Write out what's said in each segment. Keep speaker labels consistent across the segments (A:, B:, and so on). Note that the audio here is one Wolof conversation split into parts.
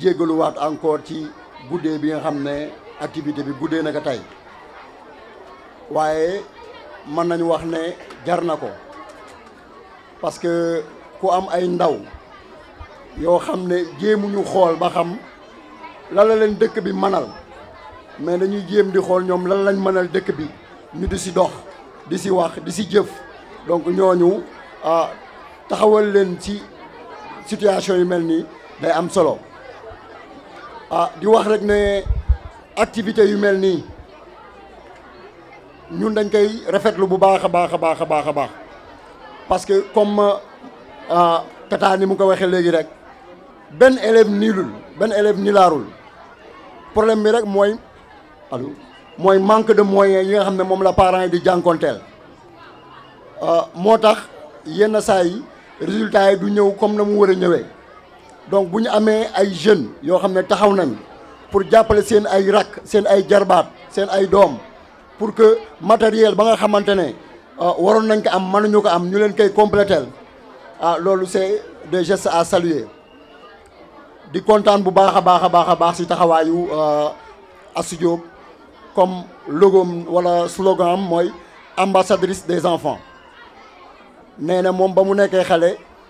A: jéggaluwaat encore ci guddee bi nga xam ne activité bi guddee nag ko tay waaye mën nañu wax ne jar na ko parce que ku am ay ndaw yow xam ne jéemuñu xool ba xam lan la leen dëkk bi mënal mais dañuy jéem di xool ñoom lan lañ mënal dëkk bi ñu di si dox di si wax di si jëf donc ñooñu ah, taxawal leen ci situation yu mel nii day am solo ah di wax rek ne activité yu mel nii ñun dañ koy rafetlu bu baax a baax a baax a baax a baax parce que comme ah, tata ni mu ko waxee léegi rek benn élève niilul benn élève nilaarul problème bi rek mooy allo mooy manque de moyens yi nga xam ne moom la parents yi di jànkonteel ah, moo tax yenn saa yi résultats yi du ñëw comme na mu war a ñëwee donc bu ñu amee ay jeunes yoo xam ne taxaw nañ pour jàppale seen ay rakk seen ay jarbaat seen ay doom pour que matériel ba nga xamante ne euh, waroon nañ ko am mënuñu ko am ñu leen koy compléter ah loolu c'est des gestes à saluer di kontaan bu baax a baax a baax a baax si taxawaayu euh, Astou Diop comme logo wala slogan mooy ambassadrice des enfants nee na moom ba mu nekkee xale.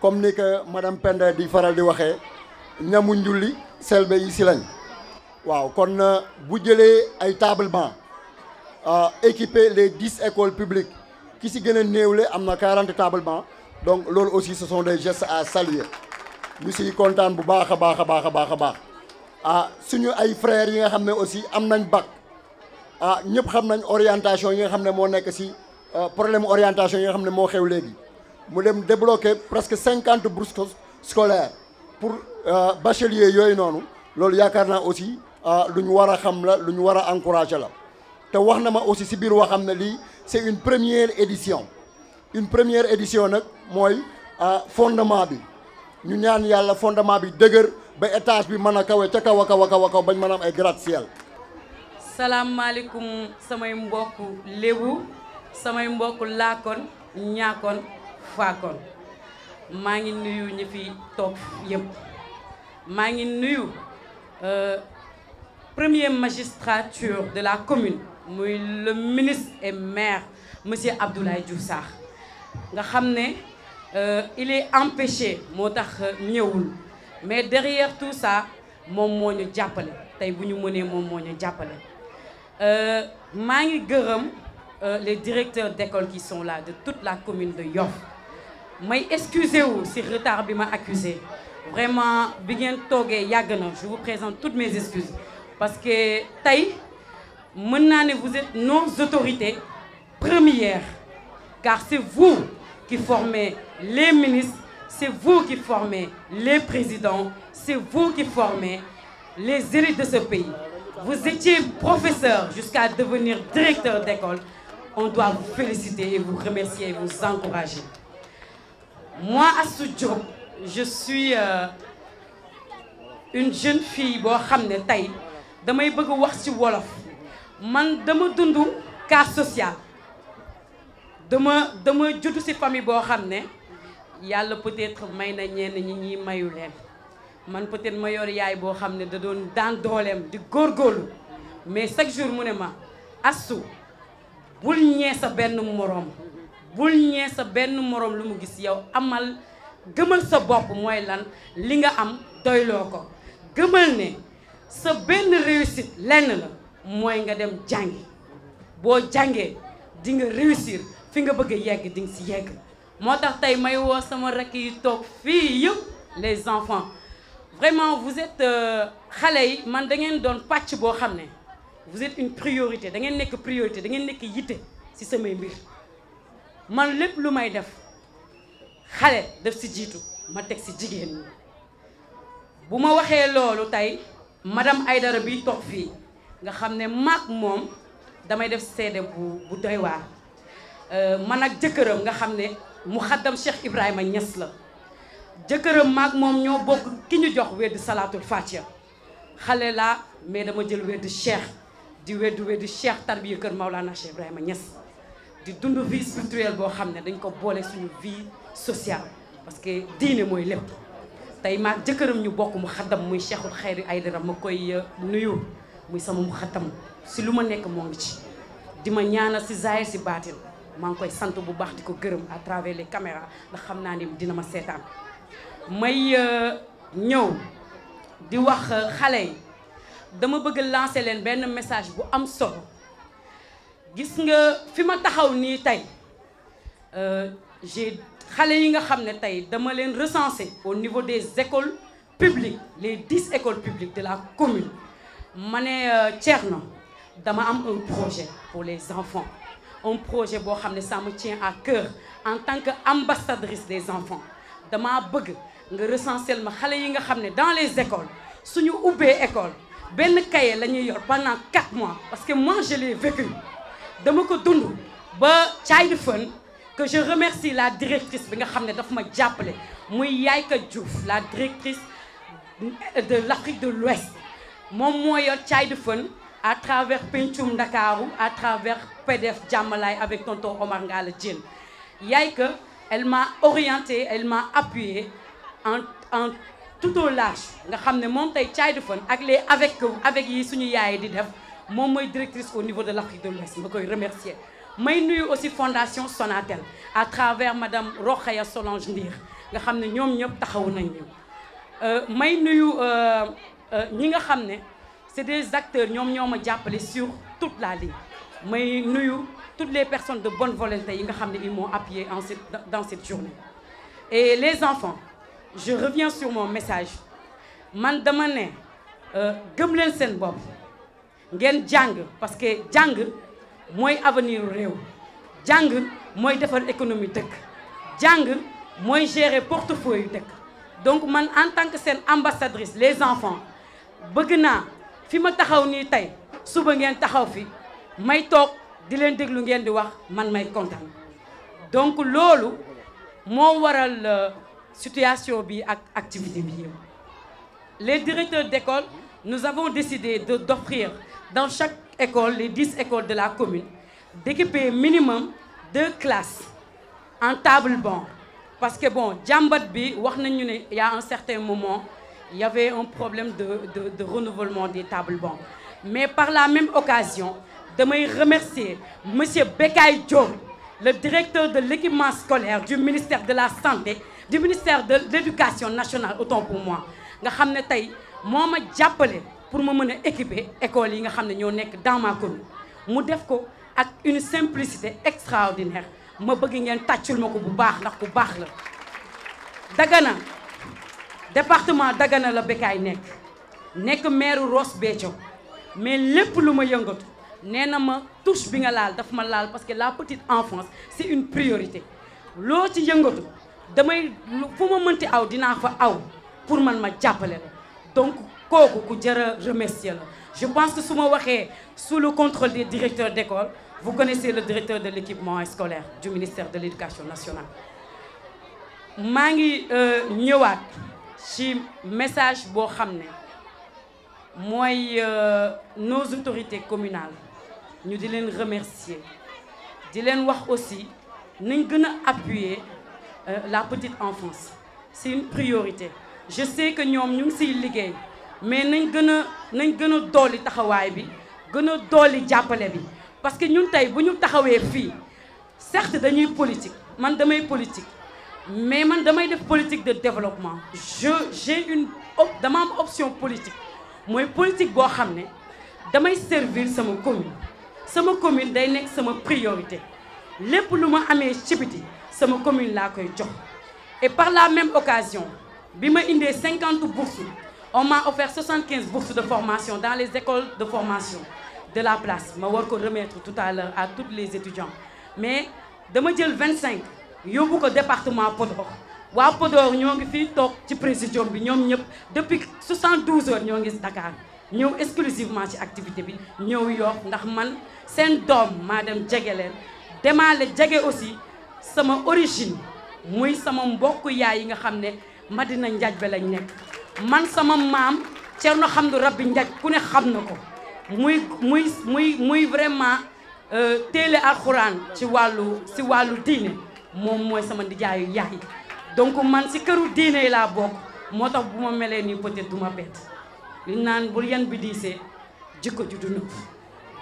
A: comme ni que madame pender di faral di waxee ñamu njulli selbe yi si lañ waaw kon euh, bu jëlee ay table banc euh, équiper les dix écoles publiques ki si gën a néewle am na quarante table banc donc loolu aussi ce sont des gestes à saluer ñu si kontaan bu baax a baax a baax a baax a baax ah suñu ay frères yi nga xam ne aussi am nañ bac ah ñëpp xam nañ orientation yi nga xam ne moo nekk si euh, problème orientation yi nga xam ne moo xew léegi mu dem débloqué presque cinquante bourses scolaires pour euh, bachelier yooyu noonu loolu yaakaar naa aussi euh, lu ñu war a xam la lu ñu war a encouragé la te wax na ma aussi si biir xam ne lii c'est une première édition une première édition nag mooy euh, fondement bi ñu ñaan yàlla fondement bi dëgër ba étage bi mën a kawe ca kaw a kaw a kaw a bañ mën a am ay gratte-ciel
B: salaamaaleykum samay mbokk lébu samay mbokk laakoon ñaakoon Faakon maa ngi nuyu ñi fi toog yëpp maa ngi nuyu euh, premier magistrature de la commune muy le ministre et maire monsieur Abdoulaye Diouf Sarr nga xam ne euh, il est empêché moo tax euh, ñëwul mais derrière tout ça moom moo ñu jàppale tey bu ñu mënee moom moo ñu jàppale maa ngi gërëm les directeurs d'école qui sont là de toute la commune de Yoff may excusé wu si retard bi ma accusé vraiment bi ngeen toogee yàgg na je vous présente toutes mes excuses parce que tey mën naa ne vous êtes nos autorités premières car c'est vous qui formez les ministres c'est vous qui formez les présidents c'est vous qui formez les élites de ce pays vous étiez professeur jusqu'à devenir directeur d'école on doit vous féliciter et vous remercier et vous encourager mois Astou Diop je suis euh, une jeune boo xam ne tey damay bëgg wax ci wolof man dama dund cas social dama dama juddu ci famille boo xam ne yàlla peut-être may na ñenn ñi ñuy mayu leen man peut-être ma yaay boo xam ne da doon daan dooleem di góorgóorlu mais chaque jour mu ne ma Astou bul ñee sa benn moroom bul ñee sa benn moroom lu mu gis yow amal gëmal sa bopp mooy lan li nga am doyloo ko gëmal ne sa benn réussite lenn la mooy nga dem jàngi boo jàngee di nga réussir fi nga bëgg a yegg di si yegg moo tax tey may woo sama rakk yi toog fii yëpp les enfants vraiment vous êtes euh, xale yi man da ngeen doon pàcc boo xam ne vous êtes une priorité dangeen nekk priorité da ngeen nekk yitte si samay mbir man lépp lu may def xale def si jiitu ma teg si jigéen bu ma waxee loolu tey ay dara bi toog fii nga xam ne maag moom damay def seede bu bu doy waar euh, man ak jëkkëram nga xam ne mu xaddam Cheikh Ibrahima Niass la jëkkëram maak moom ñoo bokk ki ñu jox weddi salaatul fatiha xale laa mais dama jël weddi cheikh di weddi weddi cheikh tarbiya kër Maulana Cheikh Ibrahima Niass di dund vie spirituelle boo xam ne dañ ko boole suñu vie sociale parce que diine mooy lépp tey maag jëkkëram ñu bokk mu xaddam muy Cheikhul Khayri Aïdara ma koy euh, nuyu muy sama mu xaddam si lu ma nekk moo ngi ci di ma ñaanal si zaahir si baatin maa ngi koy sant bu baax di ko gërëm à travers les caméras ndax xam naa ni dina ma seetaan may euh, ñëw di wax euh, xale yi dama bëgg lancé leen benn message bu am solo gis nga fi ma taxaw nii tey euh, j'ai xale yi nga xam ne tey dama leen recenser au niveau des écoles publiques les dix écoles publiques de la commune ma ne euh, na dama am un projet pour les enfants un projet boo xam ne ça me à cœur en tant que ambassadrice des enfants dama bëgg nga recenser ma xale yi nga xam ne dans les écoles suñu ubbee école benn cahier la ñuy yor pendant quatre mois parce que moi je l'ai vécu dama ko dund ba Child Fun que je remercie la directrice bi nga xam ne dafa ma jàppale muy Yaayka Diouf la directrice de l'Afrique de l'Ouest moom moo yor Child Fun à travers Pencum Ndakaaru à travers PDF Jàmmalaay avec tonton Omar Ngalla Diène Yaayka elle m'a orientée elle m'a appuyée en en tout au large nga xam ne moom tey Child Fun ak les avec avec yi suñu yaay di def moom mooy directrice au niveau de l'Afrique de l'Ouest ma koy remercier may nuyu aussi fondation Sonatel à travers madame Rokhaya Solange Ndir nga xam ne ñoom ñëpp taxawu nañ ñu euh, may nuyu euh, euh, ñi nga xam ne c'est des acteurs ñoom ñoo ma jàppale sur toute la ligne may nuyu toutes les personnes de bonne volonté yi nga xam ne ils m'ont appuyé en cette dans cette journée et les enfants je reviens sur mon message man dama ne gëm leen seen bopp ngeen jàng parce que jàng mooy avenir réew jàng mooy defar économie dëkk jàng mooy gérer portefeuille yu dëkk donc man en tant que seen ambassadrice les enfants bëgg naa fi ma taxaw nii tey suba ngeen taxaw fi may toog di leen déglu ngeen di wax man may kontaan donc loolu moo waral euh, situation bi ak activité bi yëpp les directeurs d'école nous avons décidé de d'offrir dans chaque école, les dix écoles de la commune, d'équiper minimum deux classes en table-banc. Parce que bon, Djambatbi, il y a un certain moment, il y avait un problème de, de, de renouvellement des tables-bancs. Mais par la même occasion, je me remercier M. Bekay Diop, le directeur de l'équipement scolaire du ministère de la Santé, du ministère de l'Éducation nationale, autant pour moi. Vous savez, moi, je pour ma mën a équiper école yi nga xam ne ñoo nekk dans mu def ko ak une simplicité extraordinaire ma bëgg ngeen tàccul ma ko bu baax ndax ku baax la Dagana département Dagana la Bécaye nekk nekk maire Ross Béthio mais lépp lu ma yëngatu nee na ma touche bi nga laal daf ma laal parce que la petite enfance c'est une priorité loo ci yëngatu damay fu ma mënti aw dinaa fa aw pour man ma jàppale la donc kooku ku jar a remercier la je pense que su ma waxee su le contrôle des directeurs d'école vous connaissez le directeur de l'équipement scolaire du ministère de l'éducation nationale maa ngi euh, ñëwaat ci message boo xam ne mooy euh, nos autorités communales ñu di leen remercier di leen wax aussi nañ gën a appuyer euh, la petite enfance c'est une priorité je sais que ñoom ñu ngi siy liggéey mais nañ gën a nañ gën a dooli taxawaay bi gën a dooli jàppale bi parce que ñun tey bu ñu taxawee fii certes dañuy politique man damay politique mais man damay def politique de développement je j'ai une dama am option politique mooy politique boo xam ne damay servir sama commune sama commune day nekk sama priorité lépp lu ma amee ci sama commune laa koy jox et par la même occasion bi ma indee cinquante bourses on m'a offert 75 bourses de formation dans les écoles de formation de la place ma war ko remettre tout à l'heure à tous les étudiants mais dama jël 25 yóbbu ko département Podor waa Podor ñoo ngi fi toog ci présidium bi ñoom ñëpp depuis 72 heures ñoo ngi Dakar ñëw exclusivement ci activité bi ñëw Yoff ndax man seen doom maa dem jege leen demaale jege aussi sama origine muy sama mbokk yaay yi nga xam ne Madina Njaaj be lañ nekk man sama maam Thierno Hamdou Rabby Ndiaye ku ne xam na ko muy muy muy muy vraiment euh, téele alxuraan ci wàllu si wàllu diine moom mooy sama ndijaayu yaay donc man si këru diine yi laa bokk moo tax bu ma melee nii peut-être du ma bett li naan bu yan bi diisee jikko ju du nëpp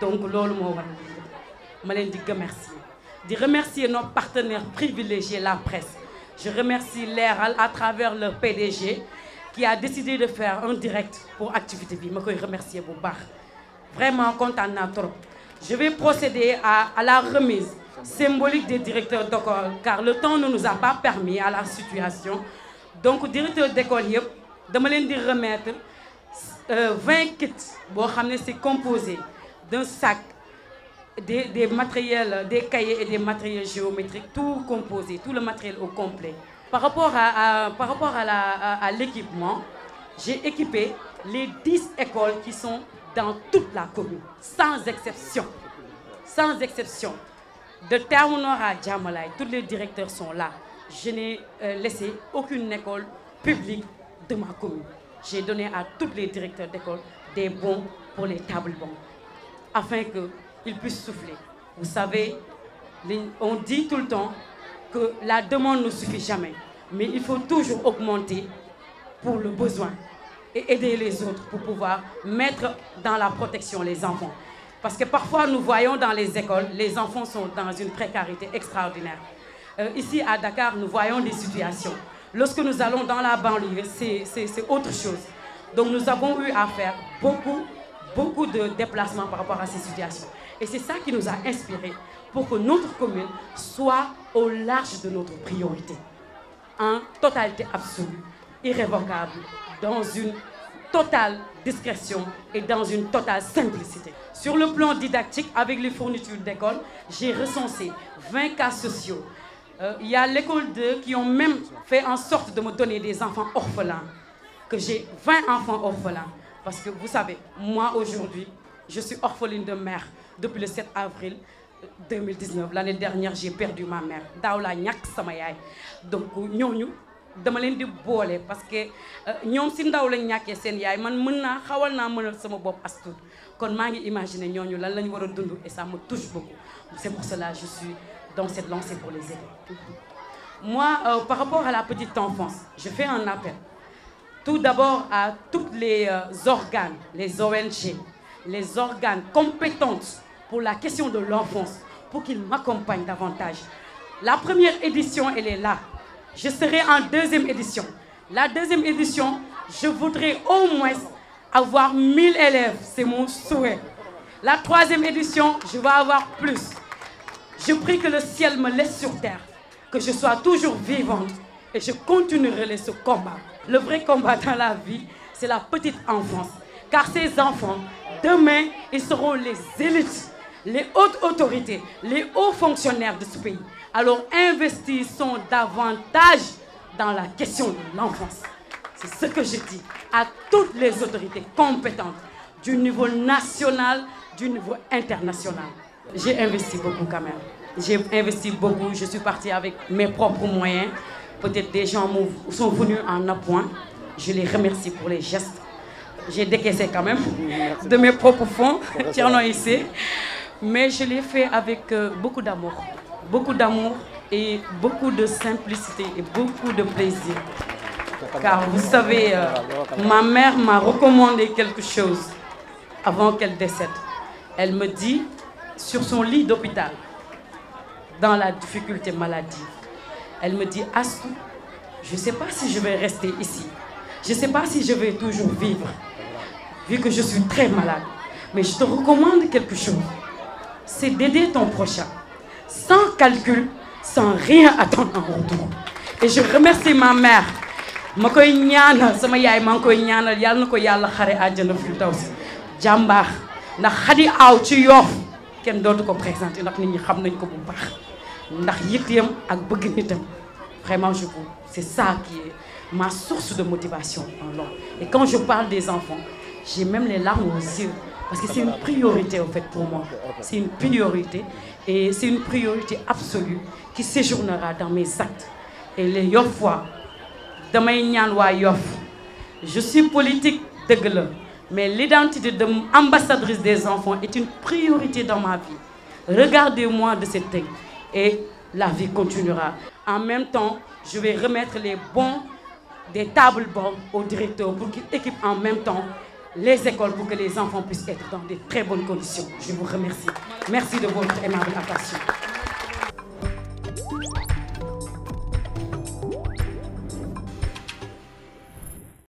B: donc loolu moo war ma leen di remercier di remercier nos partenaires privilégiés la presse je remercie Leral à travers leur PDG qui a décidé de faire un direct pour activité bi ma koy remercier bu baax vraiment kontaan na trop je vais procéder à, à la remise symbolique des directeurs d'école car le temps ne nous a pas permis à la situation donc directeur d'école yëpp dama leen di remettre euh, 20 kits boo xam ne c'est composé d'un sac des des matériels des cahiers et des matériels géométriques tout composé tout le matériel au complet Par rapport à, par rapport à, à, à l'équipement, j'ai équipé les 10 écoles qui sont dans toute la commune, sans exception. Sans exception. De Taounor à Djamalai, tous les directeurs sont là. Je n'ai euh, laissé aucune école publique de ma commune. J'ai donné à tous les directeurs d'école des bons pour les tables bons, afin qu'ils puissent souffler. Vous savez, on dit tout le temps que la demande ne suffit jamais, mais il faut toujours augmenter pour le besoin et aider les autres pour pouvoir mettre dans la protection les enfants. Parce que parfois, nous voyons dans les écoles, les enfants sont dans une précarité extraordinaire. Euh, ici, à Dakar, nous voyons des situations. Lorsque nous allons dans la banlieue, c'est autre chose. Donc, nous avons eu à faire beaucoup, beaucoup de déplacements par rapport à ces situations. Et c'est ça qui nous a inspirés pour que notre commune soit au large de notre priorité, en totalité absolue, irrévocable, dans une totale discrétion et dans une totale simplicité. Sur le plan didactique, avec les fournitures d'école, j'ai recensé 20 cas sociaux. Euh, il euh, y a l'école 2 qui ont même fait en sorte de me donner des enfants orphelins, que j'ai 20 enfants orphelins. Parce que vous savez, moi aujourd'hui, je suis orpheline de mère depuis le 7 avril. 2019 l'année dernière j'ai perdu ma mère daaw laa ñàkk sama yaay donc ñooñu dama leen di boole parce que euh, ñoom si ndaw lañ ñàkkee seen yaay man mën naa xawal naa mënal sama bopp as tuut kon maa ngi imaginer ñooñu lan la ñu war a dund et ça me touche beaucoup c'est pour cela je suis dans cette lancée pour les aider moi euh, par rapport à la petite enfance je fais un appel tout d'abord à toutes les euh, organes les ONG les organes compétentes pour la question de l'enfance, pour qu'il m'accompagne davantage. La première édition, elle est là. Je serai en deuxième édition. La deuxième édition, je voudrais au moins avoir 1000 élèves. C'est mon souhait. La troisième édition, je vais avoir plus. Je prie que le ciel me laisse sur terre, que je sois toujours vivante et je continuerai ce combat. Le vrai combat dans la vie, c'est la petite enfance. Car ces enfants, demain, ils seront les élites les hautes autorités, les hauts fonctionnaires de ce pays. Alors investissons davantage dans la question de l'enfance. C'est ce que je dis à toutes les autorités compétentes du niveau national, du niveau international. J'ai investi beaucoup quand même. J'ai investi beaucoup, je suis partie avec mes propres moyens. Peut-être des gens sont venus en appoint. Je les remercie pour les gestes. J'ai décaissé quand même de mes propres fonds, qui en ont ici. mais je l'ai fait avec euh, beaucoup d'amour, beaucoup d'amour et beaucoup de simplicité et beaucoup de plaisir. Car vous savez, euh, ma mère m'a recommandé quelque chose avant qu'elle décède. Elle me dit, sur son lit d'hôpital, dans la difficulté maladie, elle me dit, Astou, je ne sais pas si je vais rester ici. Je sais pas si je vais toujours vivre, vu que je suis très malade. Mais je te recommande quelque chose. c'est d'aider ton prochain, sans calcul, sans rien attendre en retour. Et je remercie ma mère. ma koy ñaanal sama yaay maa ngi koy ñaanal yàlla na ko yàlla xare àjjana firdawsi jàmbaax ndax xadi aw ci yoof kenn dootu ko présenté ndax nit ñi xam nañ ko bu baax ndax yitteem ak bëgg nitam vraiment je vous c'est ça qui est ma source de motivation en l'homme et quand je parle des enfants j'ai même les larmes aux Parce que c'est une priorité, en fait, pour moi. C'est une priorité. Et c'est une priorité absolue qui séjournera dans mes actes. Et les Yofois, damay ñaan waa Yoff je suis politique dëgg la mais l'identité de ambassadrice des enfants est une priorité dans ma vie regardez-moi de cette tête et la vie continuera en même temps je vais remettre les bons des tables bons au directeur pour qu'il équipe en même temps les écoles pour que les enfants puissent être dans de très bonnes conditions. Je vous remercie. Merci de votre aimable attention.